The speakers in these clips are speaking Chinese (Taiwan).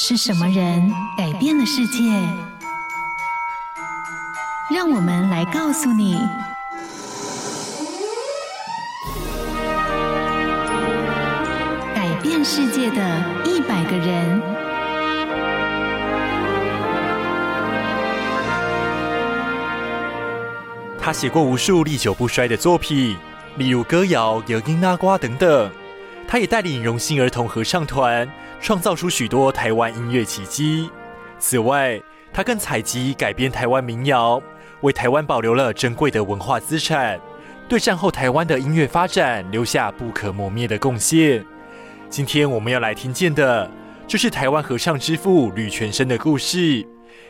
是什麼人改變了世界？讓我們來告訴你：改變世界的一百個人。他寫過無數歷久不衰的作品，例如歌謠、搖嬰仔歌等等。他也帶領榮星兒童合唱團，創造出許多台灣音樂奇蹟。此外，他更採集改編台灣民謠，為台灣保留了珍貴的文化資產，對戰後台灣的音樂發展留下不可磨滅的貢獻。今天我們要來聽見的，就是台灣合唱之父呂泉生的故事，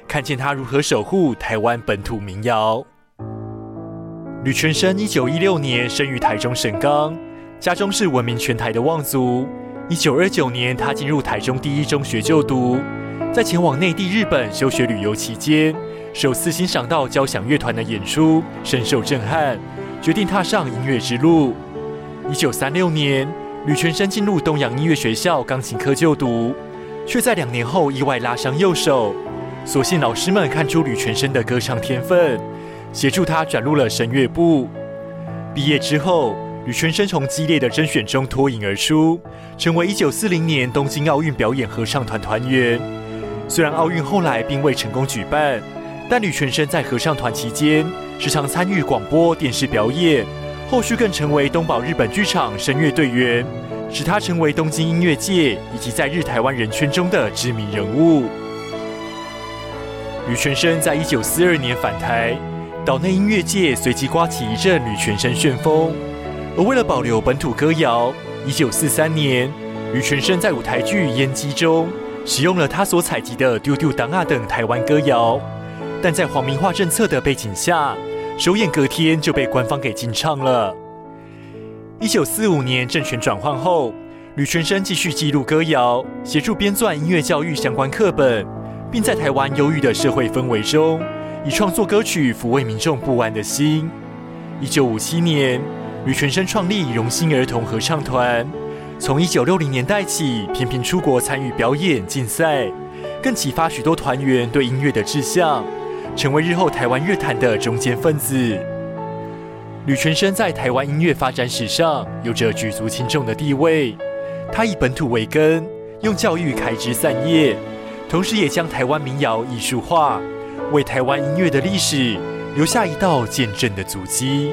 看見他如何守護台灣本土民謠。呂泉生一九一六年生於台中神岡。家中是聞名全台的望族。一九二九年，他進入台中第一中學就讀，在前往內地、日本修學旅遊期間，首次欣賞到交響樂團的演出，深受震撼，決定踏上音樂之路。一九三六年，呂泉生進入東洋音樂學校鋼琴科就讀，卻在兩年後意外拉傷右手。所幸老師們看出呂泉生的歌唱天分，協助他轉入了聲樂部。畢業之後，呂泉生從激烈的甄選中脫穎而出，成為一九四零年東京奧運表演合唱團團員。雖然奧運後來並未成功舉辦，但呂泉生在合唱團期間，時常參與廣播電視表演。後續更成為東寶日本劇場聲樂隊員，使他成為東京音樂界以及在日台灣人圈中的知名人物。呂泉生在一九四二年返台，島內音樂界隨即刮起一陣呂泉生旋風。而為了保留本土歌謠，一九四三年，呂泉生在舞台劇《閹雞》中使用了他所採集的“丟丟銅仔”等台灣歌謠，但在皇民化政策的背景下，首演隔天就被官方給禁唱了。一九四五年政權轉換後，呂泉生繼續記錄歌謠，協助編纂音樂教育相關課本，並在台灣憂鬱的社會氛圍中，以創作歌曲撫慰民眾不安的心。一九五七年。呂泉生創立榮星兒童合唱團，從一九六零年代起頻頻出國參與表演競賽，更啟發許多團員對音樂的志向，成為日後台灣樂壇的中堅分子。呂泉生在台灣音樂發展史上有着舉足輕重的地位，他以本土為根，用教育開枝散葉，同時也將台灣民謠藝術化，為台灣音樂的歷史留下一道見證的足跡。